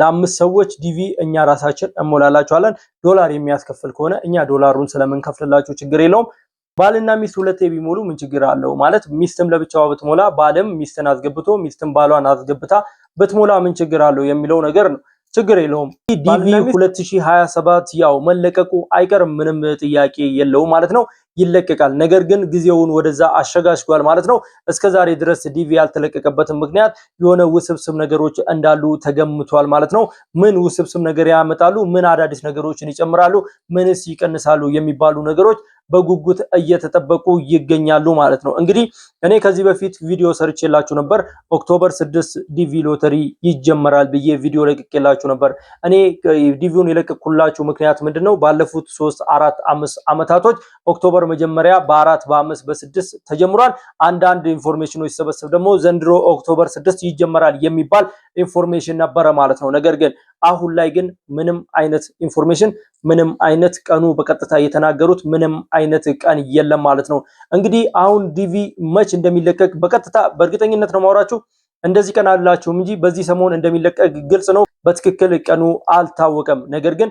ለአምስት ሰዎች ዲቪ እኛ ራሳችን እሞላላችኋለን። ዶላር የሚያስከፍል ከሆነ እኛ ዶላሩን ስለምንከፍልላችሁ ችግር የለውም። ባልና ሚስት ሁለቴ ቢሞሉ ምን ችግር አለው? ማለት ሚስትም ለብቻዋ ብትሞላ ባልም ሚስትን አስገብቶ ሚስትም ባሏን አስገብታ ብትሞላ ምን ችግር አለው የሚለው ነገር ነው። ችግር የለውም። ዲቪ 2027 ያው መለቀቁ አይቀርም፣ ምንም ጥያቄ የለውም ማለት ነው። ይለቀቃል። ነገር ግን ጊዜውን ወደዛ አሸጋሽጓል ማለት ነው። እስከዛሬ ድረስ ዲቪ ያልተለቀቀበትም ምክንያት የሆነ ውስብስብ ነገሮች እንዳሉ ተገምቷል ማለት ነው። ምን ውስብስብ ነገር ያመጣሉ፣ ምን አዳዲስ ነገሮችን ይጨምራሉ፣ ምንስ ይቀንሳሉ የሚባሉ ነገሮች በጉጉት እየተጠበቁ ይገኛሉ ማለት ነው። እንግዲህ እኔ ከዚህ በፊት ቪዲዮ ሰርቼላችሁ ነበር። ኦክቶበር ስድስት ዲቪ ሎተሪ ይጀመራል ብዬ ቪዲዮ ለቅቄላችሁ ነበር። እኔ ዲቪውን የለቅኩላችሁ ምክንያት ምንድን ነው? ባለፉት ሶስት አራት አምስት ዓመታቶች ኦክቶበር መጀመሪያ በአራት በአምስት በስድስት ተጀምሯል። አንዳንድ ኢንፎርሜሽኖች ሲሰበሰብ ደግሞ ዘንድሮ ኦክቶበር 6 ይጀመራል የሚባል ኢንፎርሜሽን ነበረ ማለት ነው። ነገር ግን አሁን ላይ ግን ምንም አይነት ኢንፎርሜሽን ምንም አይነት ቀኑ በቀጥታ የተናገሩት ምንም አይነት ቀን የለም ማለት ነው። እንግዲህ አሁን ዲቪ መች እንደሚለቀቅ በቀጥታ በእርግጠኝነት ነው ማውራችሁ እንደዚህ ቀን አላችሁም እንጂ በዚህ ሰሞን እንደሚለቀቅ ግልጽ ነው። በትክክል ቀኑ አልታወቀም። ነገር ግን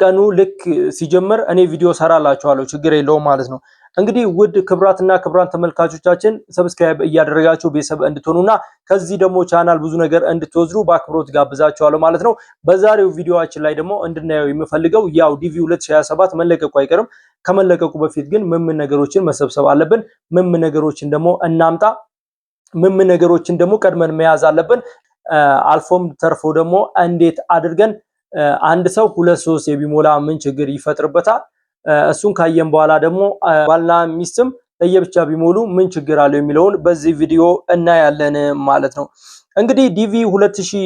ቀኑ ልክ ሲጀምር እኔ ቪዲዮ ሰራላችኋለሁ፣ ችግር የለውም ማለት ነው። እንግዲህ ውድ ክብራትና ክብራን ተመልካቾቻችን ሰብስክራይብ እያደረጋችሁ ቤተሰብ እንድትሆኑና ከዚህ ደግሞ ቻናል ብዙ ነገር እንድትወስዱ በአክብሮት ጋብዛችኋለሁ ማለት ነው። በዛሬው ቪዲዮችን ላይ ደግሞ እንድናየው የምፈልገው ያው ዲቪ 2027 መለቀቁ አይቀርም። ከመለቀቁ በፊት ግን ምን ምን ነገሮችን መሰብሰብ አለብን፣ ምን ምን ነገሮችን ደግሞ እናምጣ፣ ምን ምን ነገሮችን ደግሞ ቀድመን መያዝ አለብን፣ አልፎም ተርፎ ደግሞ እንዴት አድርገን አንድ ሰው ሁለት ሶስት የቢሞላ ምን ችግር ይፈጥርበታል? እሱን ካየን በኋላ ደግሞ ባልና ሚስትም ለየብቻ ቢሞሉ ምን ችግር አለው የሚለውን በዚህ ቪዲዮ እናያለን ማለት ነው። እንግዲህ ዲቪ 2000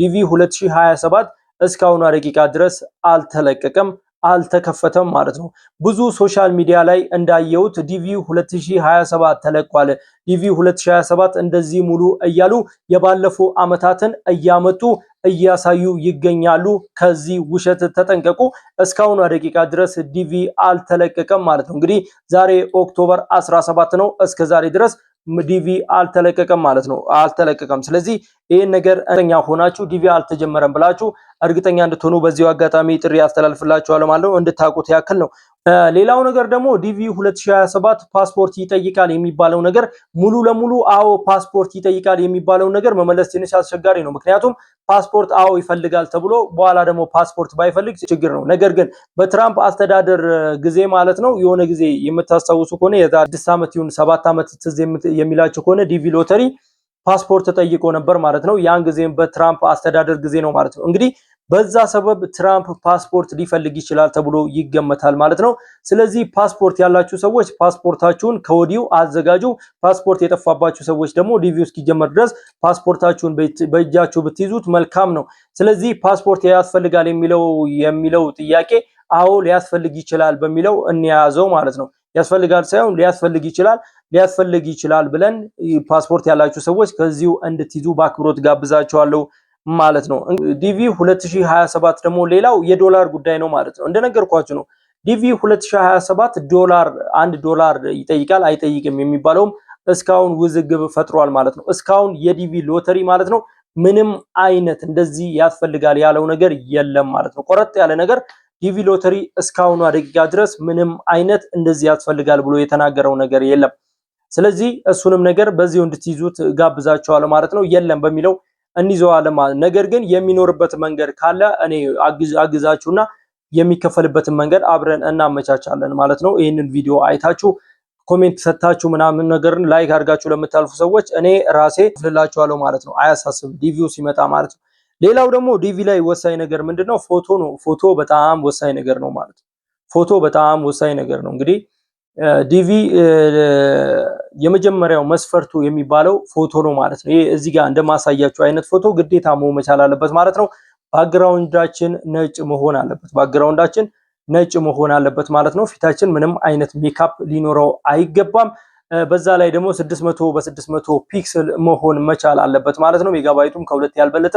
ዲቪ 2027 እስካሁኗ ደቂቃ ድረስ አልተለቀቀም። አልተከፈተም ማለት ነው። ብዙ ሶሻል ሚዲያ ላይ እንዳየሁት ዲቪ 2027 ተለቋል፣ ዲቪ 2027 እንደዚህ ሙሉ እያሉ የባለፉ ዓመታትን እያመጡ እያሳዩ ይገኛሉ። ከዚህ ውሸት ተጠንቀቁ። እስካሁኗ ደቂቃ ድረስ ዲቪ አልተለቀቀም ማለት ነው። እንግዲህ ዛሬ ኦክቶበር 17 ነው። እስከ ዛሬ ድረስ ዲቪ አልተለቀቀም ማለት ነው። አልተለቀቀም። ስለዚህ ይህን ነገር እኛ ሆናችሁ ዲቪ አልተጀመረም ብላችሁ እርግጠኛ እንድትሆኑ በዚሁ አጋጣሚ ጥሪ ያስተላልፍላችኋለሁ ማለት ነው። እንድታውቁት ያክል ነው። ሌላው ነገር ደግሞ ዲቪ 2027 ፓስፖርት ይጠይቃል የሚባለው ነገር ሙሉ ለሙሉ አዎ ፓስፖርት ይጠይቃል የሚባለው ነገር መመለስ ትንሽ አስቸጋሪ ነው። ምክንያቱም ፓስፖርት አዎ ይፈልጋል ተብሎ በኋላ ደግሞ ፓስፖርት ባይፈልግ ችግር ነው። ነገር ግን በትራምፕ አስተዳደር ጊዜ ማለት ነው የሆነ ጊዜ የምታስታውሱ ከሆነ የዛ ስድስት ዓመት ይሁን ሰባት ዓመት ትዝ የሚላቸው ከሆነ ዲቪ ሎተሪ ፓስፖርት ተጠይቆ ነበር ማለት ነው። ያን ጊዜም በትራምፕ አስተዳደር ጊዜ ነው ማለት ነው። እንግዲህ በዛ ሰበብ ትራምፕ ፓስፖርት ሊፈልግ ይችላል ተብሎ ይገመታል ማለት ነው። ስለዚህ ፓስፖርት ያላችሁ ሰዎች ፓስፖርታችሁን ከወዲሁ አዘጋጁ። ፓስፖርት የጠፋባችሁ ሰዎች ደግሞ ሪቪው እስኪጀመር ድረስ ፓስፖርታችሁን በእጃችሁ ብትይዙት መልካም ነው። ስለዚህ ፓስፖርት ያስፈልጋል የሚለው የሚለው ጥያቄ አዎ ሊያስፈልግ ይችላል በሚለው እንያዘው ማለት ነው። ያስፈልጋል ሳይሆን ሊያስፈልግ ይችላል ሊያስፈልግ ይችላል ብለን ፓስፖርት ያላችሁ ሰዎች ከዚሁ እንድትይዙ በአክብሮት ጋብዛቸዋለሁ ማለት ነው። ዲቪ 2027 ደግሞ ሌላው የዶላር ጉዳይ ነው ማለት ነው። እንደነገርኳችሁ ነው። ዲቪ 2027 ዶላር አንድ ዶላር ይጠይቃል አይጠይቅም የሚባለውም እስካሁን ውዝግብ ፈጥሯል ማለት ነው። እስካሁን የዲቪ ሎተሪ ማለት ነው ምንም አይነት እንደዚህ ያስፈልጋል ያለው ነገር የለም ማለት ነው። ቆረጥ ያለ ነገር ዲቪ ሎተሪ እስካሁኗ ደቂቃ ድረስ ምንም አይነት እንደዚህ ያስፈልጋል ብሎ የተናገረው ነገር የለም። ስለዚህ እሱንም ነገር በዚሁ እንድትይዙት ጋብዛቸዋለሁ ማለት ነው። የለም በሚለው እንይዘዋለን ማለት ነገር ግን የሚኖርበት መንገድ ካለ እኔ አግዛችሁና የሚከፈልበትን መንገድ አብረን እናመቻቻለን ማለት ነው። ይህንን ቪዲዮ አይታችሁ ኮሜንት ሰታችሁ ምናምን ነገርን ላይክ አድርጋችሁ ለምታልፉ ሰዎች እኔ ራሴ እከፍልላችኋለሁ ማለት ነው። አያሳስብ ዲቪው ሲመጣ ማለት ነው። ሌላው ደግሞ ዲቪ ላይ ወሳኝ ነገር ምንድነው? ፎቶ ነው። ፎቶ በጣም ወሳኝ ነገር ነው ማለት ነው። ፎቶ በጣም ወሳኝ ነገር ነው። እንግዲህ ዲቪ የመጀመሪያው መስፈርቱ የሚባለው ፎቶ ነው ማለት ነው። ይሄ እዚህ ጋር እንደማሳያችሁ አይነት ፎቶ ግዴታ መሆን መቻል አለበት ማለት ነው። ባክግራውንዳችን ነጭ መሆን አለበት። ባክግራውንዳችን ነጭ መሆን አለበት ማለት ነው። ፊታችን ምንም አይነት ሜካፕ ሊኖረው አይገባም። በዛ ላይ ደግሞ 600 በ600 ፒክስል መሆን መቻል አለበት ማለት ነው። ሜጋባይቱም ከሁለት ያልበለጠ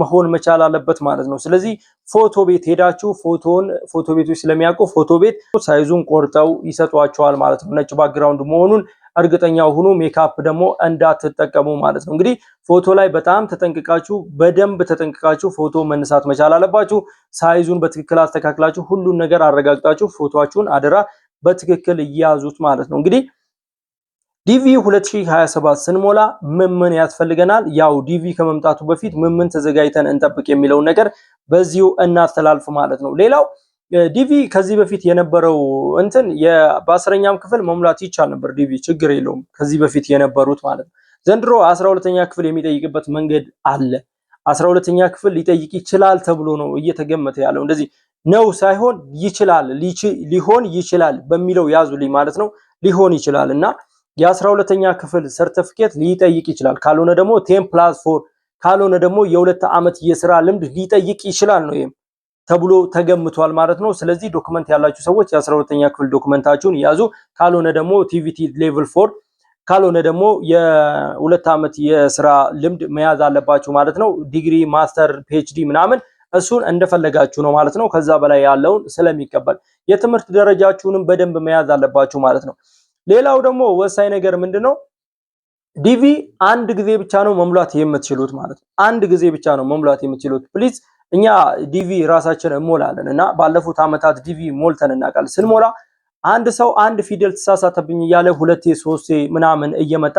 መሆን መቻል አለበት ማለት ነው። ስለዚህ ፎቶ ቤት ሄዳችሁ ፎቶን ፎቶ ቤቶች ስለሚያውቁ ፎቶ ቤት ሳይዙን ቆርጠው ይሰጧቸዋል ማለት ነው። ነጭ ባክግራውንድ መሆኑን እርግጠኛ ሁኑ። ሜካፕ ደግሞ እንዳትጠቀሙ ማለት ነው። እንግዲህ ፎቶ ላይ በጣም ተጠንቅቃችሁ፣ በደንብ ተጠንቅቃችሁ ፎቶ መነሳት መቻል አለባችሁ። ሳይዙን በትክክል አስተካክላችሁ ሁሉን ነገር አረጋግጣችሁ ፎቶችሁን አደራ በትክክል እያዙት ማለት ነው እንግዲህ ዲቪ 2027 ስንሞላ ምን ምን ያስፈልገናል? ያው ዲቪ ከመምጣቱ በፊት ምን ምን ተዘጋጅተን እንጠብቅ የሚለውን ነገር በዚሁ እናስተላልፍ ማለት ነው። ሌላው ዲቪ ከዚህ በፊት የነበረው እንትን በአስረኛም ክፍል መሙላት ይቻል ነበር። ዲቪ ችግር የለውም ከዚህ በፊት የነበሩት ማለት ነው። ዘንድሮ አስራ ሁለተኛ ክፍል የሚጠይቅበት መንገድ አለ። አስራ ሁለተኛ ክፍል ሊጠይቅ ይችላል ተብሎ ነው እየተገመተ ያለው። እንደዚህ ነው ሳይሆን ይችላል ሊሆን ይችላል በሚለው ያዙልኝ ማለት ነው። ሊሆን ይችላል እና የአስራ ሁለተኛ ክፍል ሰርተፍኬት ሊጠይቅ ይችላል። ካልሆነ ደግሞ ቴን ፕላስ ፎር ካልሆነ ደግሞ የሁለት ዓመት የስራ ልምድ ሊጠይቅ ይችላል ነው ይሄም ተብሎ ተገምቷል ማለት ነው። ስለዚህ ዶክመንት ያላችሁ ሰዎች የአስራ ሁለተኛ ክፍል ዶክመንታችሁን ያዙ። ካልሆነ ደግሞ ቲቪቲ ሌቭል ፎር ካልሆነ ደግሞ የሁለት ዓመት የስራ ልምድ መያዝ አለባችሁ ማለት ነው። ዲግሪ፣ ማስተር፣ ፒኤችዲ ምናምን እሱን እንደፈለጋችሁ ነው ማለት ነው። ከዛ በላይ ያለውን ስለሚቀበል የትምህርት ደረጃችሁንም በደንብ መያዝ አለባችሁ ማለት ነው። ሌላው ደግሞ ወሳኝ ነገር ምንድነው? ዲቪ አንድ ጊዜ ብቻ ነው መሙላት የምትችሉት ማለት ነው። አንድ ጊዜ ብቻ ነው መሙላት የምትችሉት ፕሊዝ። እኛ ዲቪ ራሳችን እሞላለን እና ባለፉት ዓመታት ዲቪ ሞልተን እናውቃለን። ስንሞላ አንድ ሰው አንድ ፊደል ተሳሳተብኝ እያለ ሁለቴ ሶስቴ ምናምን እየመጣ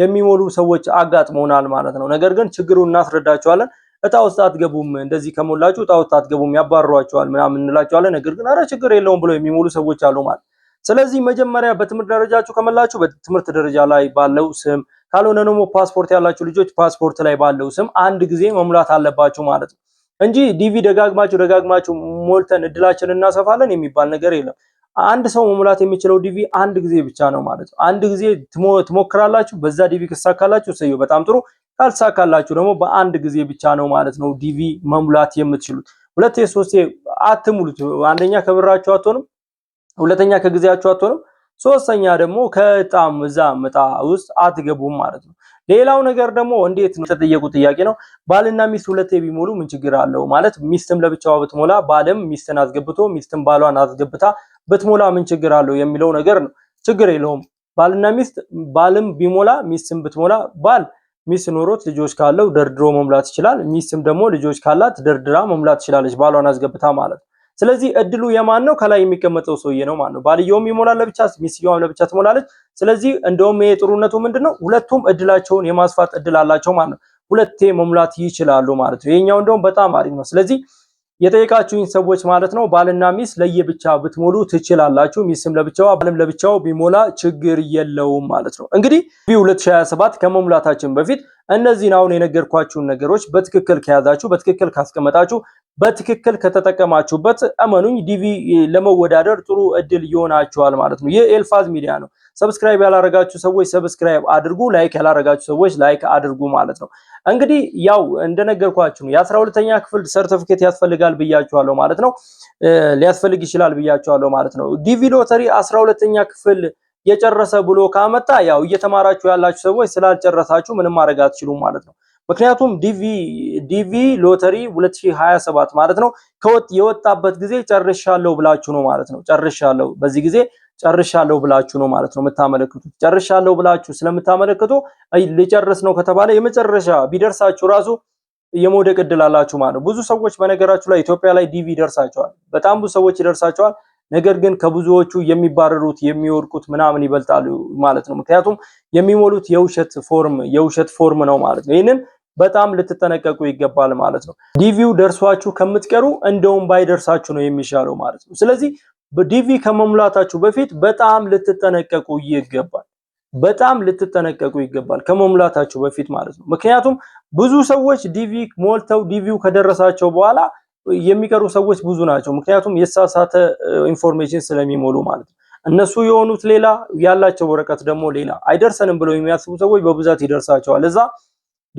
የሚሞሉ ሰዎች አጋጥሞናል ማለት ነው። ነገር ግን ችግሩን እናስረዳቸዋለን። እጣ ውስጥ አትገቡም፣ እንደዚህ ከሞላችሁ እጣ ውስጥ አትገቡም፣ ያባሯቸዋል ምናምን እንላቸዋለን። ነገር ግን አረ ችግር የለውም ብለው የሚሞሉ ሰዎች አሉ ማለት ስለዚህ መጀመሪያ በትምህርት ደረጃችሁ ከመላችሁ በትምህርት ደረጃ ላይ ባለው ስም ካልሆነ ደግሞ ፓስፖርት ያላችሁ ልጆች ፓስፖርት ላይ ባለው ስም አንድ ጊዜ መሙላት አለባችሁ ማለት ነው እንጂ ዲቪ ደጋግማችሁ ደጋግማችሁ ሞልተን እድላችን እናሰፋለን የሚባል ነገር የለም። አንድ ሰው መሙላት የሚችለው ዲቪ አንድ ጊዜ ብቻ ነው ማለት ነው። አንድ ጊዜ ትሞክራላችሁ። በዛ ዲቪ ከተሳካላችሁ እሰየው፣ በጣም ጥሩ። ካልሳካላችሁ ደግሞ በአንድ ጊዜ ብቻ ነው ማለት ነው ዲቪ መሙላት የምትችሉት። ሁለቴ ሶስቴ አትሙሉት። አንደኛ ከብራችሁ አትሆንም፣ ሁለተኛ ከጊዜያችሁ አትሆንም። ሶስተኛ ደግሞ ከጣም እዛ መጣ ውስጥ አትገቡም ማለት ነው። ሌላው ነገር ደግሞ እንዴት ነው የተጠየቁ ጥያቄ ነው። ባልና ሚስት ሁለቴ ቢሞሉ ምን ችግር አለው ማለት ሚስትም ለብቻዋ ብትሞላ ባልም ሚስትን አስገብቶ ሚስትም ባሏን አስገብታ ብትሞላ ምን ችግር አለው የሚለው ነገር ነው። ችግር የለውም። ባልና ሚስት ባልም ቢሞላ ሚስትም ብትሞላ ባል ሚስት ኖሮት ልጆች ካለው ደርድሮ መሙላት ይችላል። ሚስትም ደግሞ ልጆች ካላት ደርድራ መሙላት ትችላለች፣ ባሏን አስገብታ ማለት ነው። ስለዚህ እድሉ የማን ነው? ከላይ የሚቀመጠው ሰውዬ ነው ማለት ነው። ባልየውም ይሞላል ለብቻ፣ ሚስየዋም ለብቻ ትሞላለች። ስለዚህ እንደውም ይሄ ጥሩነቱ ምንድነው? ሁለቱም እድላቸውን የማስፋት እድል አላቸው ማለት ነው። ሁለቴ መሙላት ይችላሉ ማለት ነው። ይሄኛው እንደውም በጣም አሪፍ ነው። ስለዚህ የጠየቃችሁኝ ሰዎች ማለት ነው ባልና ሚስ ለየብቻ ብትሞሉ ትችላላችሁ። ሚስም ለብቻዋ ባልም ለብቻው ቢሞላ ችግር የለውም ማለት ነው። እንግዲህ 2027 ከመሙላታችን በፊት እነዚህን አሁን የነገርኳችሁን ነገሮች በትክክል ከያዛችሁ፣ በትክክል ካስቀመጣችሁ፣ በትክክል ከተጠቀማችሁበት እመኑኝ ዲቪ ለመወዳደር ጥሩ እድል ይሆናችኋል ማለት ነው። ይህ ኤልፋዝ ሚዲያ ነው። ሰብስክራይብ ያላረጋችሁ ሰዎች ሰብስክራይብ አድርጉ፣ ላይክ ያላረጋችሁ ሰዎች ላይክ አድርጉ ማለት ነው። እንግዲህ ያው እንደነገርኳችሁ ነው የአስራ ሁለተኛ ክፍል ሰርቲፊኬት ያስፈልጋል ብያችኋለሁ ማለት ነው። ሊያስፈልግ ይችላል ብያችኋለሁ ማለት ነው። ዲቪ ሎተሪ አስራ ሁለተኛ ክፍል የጨረሰ ብሎ ካመጣ ያው እየተማራችሁ ያላችሁ ሰዎች ስላልጨረሳችሁ ምንም ማድረግ አትችሉም ማለት ነው። ምክንያቱም ዲቪ ዲቪ ሎተሪ 2027 ማለት ነው የወጣበት ጊዜ ጨርሻለሁ ብላችሁ ነው ማለት ነው። ጨርሻለሁ በዚህ ጊዜ ጨርሻለሁ ብላችሁ ነው ማለት ነው የምታመለክቱት። ጨርሻለሁ ብላችሁ ስለምታመለክቱ ልጨርስ ነው ከተባለ የመጨረሻ ቢደርሳችሁ ራሱ የመውደቅ እድል አላችሁ ማለት ነው። ብዙ ሰዎች በነገራችሁ ላይ ኢትዮጵያ ላይ ዲቪ ይደርሳቸዋል። በጣም ብዙ ሰዎች ይደርሳቸዋል። ነገር ግን ከብዙዎቹ የሚባረሩት የሚወድቁት ምናምን ይበልጣሉ ማለት ነው። ምክንያቱም የሚሞሉት የውሸት ፎርም የውሸት ፎርም ነው ማለት ነው። ይህንን በጣም ልትጠነቀቁ ይገባል ማለት ነው። ዲቪው ደርሷችሁ ከምትቀሩ እንደውም ባይደርሳችሁ ነው የሚሻለው ማለት ነው። ስለዚህ ዲቪ ከመሙላታችሁ በፊት በጣም ልትጠነቀቁ ይገባል። በጣም ልትጠነቀቁ ይገባል ከመሙላታችሁ በፊት ማለት ነው። ምክንያቱም ብዙ ሰዎች ዲቪ ሞልተው ዲቪው ከደረሳቸው በኋላ የሚቀሩ ሰዎች ብዙ ናቸው። ምክንያቱም የተሳሳተ ኢንፎርሜሽን ስለሚሞሉ ማለት ነው። እነሱ የሆኑት ሌላ ያላቸው ወረቀት ደግሞ ሌላ። አይደርሰንም ብለው የሚያስቡ ሰዎች በብዛት ይደርሳቸዋል። እዛ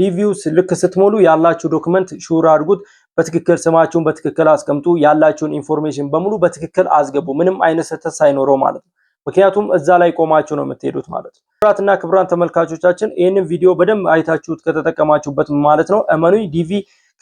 ዲቪውስ ልክ ስትሞሉ ያላችሁ ዶክመንት ሹር አድርጉት። በትክክል ስማችሁን በትክክል አስቀምጡ። ያላችሁን ኢንፎርሜሽን በሙሉ በትክክል አስገቡ። ምንም አይነት ስህተት ሳይኖረው ማለት ነው። ምክንያቱም እዛ ላይ ቆማችሁ ነው የምትሄዱት ማለት ነው። ክቡራትና ተመልካቾቻችን ይህንን ቪዲዮ በደንብ አይታችሁት ከተጠቀማችሁበት ማለት ነው እመኑኝ ዲቪ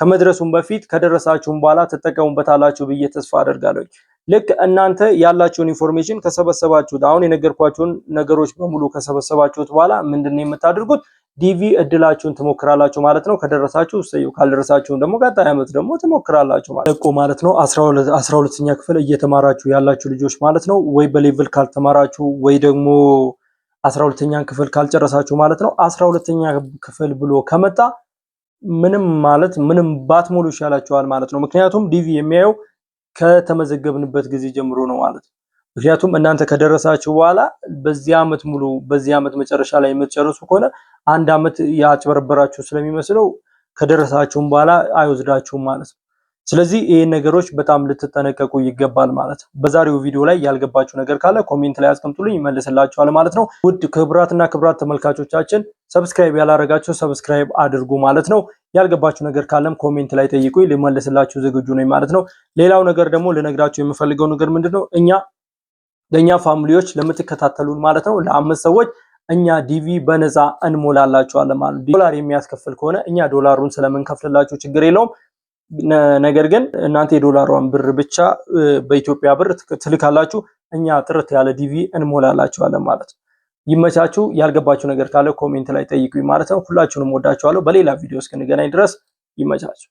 ከመድረሱም በፊት ከደረሳችሁም በኋላ ትጠቀሙበታላችሁ ብዬ ተስፋ አደርጋለሁ። ልክ እናንተ ያላችሁን ኢንፎርሜሽን ከሰበሰባችሁት አሁን የነገርኳችሁን ነገሮች በሙሉ ከሰበሰባችሁት በኋላ ምንድን ነው የምታደርጉት? ዲቪ እድላችሁን ትሞክራላችሁ ማለት ነው። ከደረሳችሁ እሰየው፣ ካልደረሳችሁን ደግሞ ቀጣይ ዓመት ደግሞ ትሞክራላችሁ ማለት ነው ማለት ነው። አስራ ሁለተኛ ክፍል እየተማራችሁ ያላችሁ ልጆች ማለት ነው። ወይ በሌቭል ካልተማራችሁ ወይ ደግሞ አስራ ሁለተኛን ክፍል ካልጨረሳችሁ ማለት ነው። አስራ ሁለተኛ ክፍል ብሎ ከመጣ ምንም ማለት ምንም ባትሞሉ ይሻላችኋል ማለት ነው። ምክንያቱም ዲቪ የሚያየው ከተመዘገብንበት ጊዜ ጀምሮ ነው ማለት ነው። ምክንያቱም እናንተ ከደረሳችሁ በኋላ በዚህ ዓመት ሙሉ በዚህ ዓመት መጨረሻ ላይ የምትጨርሱ ከሆነ አንድ ዓመት ያጭበረበራችሁ ስለሚመስለው ከደረሳችሁም በኋላ አይወስዳችሁም ማለት ነው። ስለዚህ ይህን ነገሮች በጣም ልትጠነቀቁ ይገባል ማለት ነው። በዛሬው ቪዲዮ ላይ ያልገባችሁ ነገር ካለ ኮሜንት ላይ አስቀምጡልኝ፣ ይመልስላችኋል ማለት ነው። ውድ ክብራትና ክብራት ተመልካቾቻችን ሰብስክራይብ ያላረጋችሁ ሰብስክራይብ አድርጉ ማለት ነው። ያልገባችሁ ነገር ካለም ኮሜንት ላይ ጠይቁ ልመልስላችሁ ዝግጁ ነኝ ማለት ነው። ሌላው ነገር ደግሞ ልነግራችሁ የምፈልገው ነገር ምንድን ነው እኛ ለእኛ ፋሚሊዎች ለምትከታተሉን ማለት ነው ለአምስት ሰዎች እኛ ዲቪ በነፃ እንሞላላችኋለን ማለት ዶላር የሚያስከፍል ከሆነ እኛ ዶላሩን ስለምንከፍልላችሁ ችግር የለውም ነገር ግን እናንተ የዶላሯን ብር ብቻ በኢትዮጵያ ብር ትልካላችሁ፣ እኛ ጥርት ያለ ዲቪ እንሞላላችኋለን ማለት ነው። ይመቻችሁ። ያልገባችሁ ነገር ካለ ኮሜንት ላይ ጠይቁኝ ማለት ነው። ሁላችሁንም ወዳችኋለሁ። በሌላ ቪዲዮ እስክንገናኝ ድረስ ይመቻችሁ።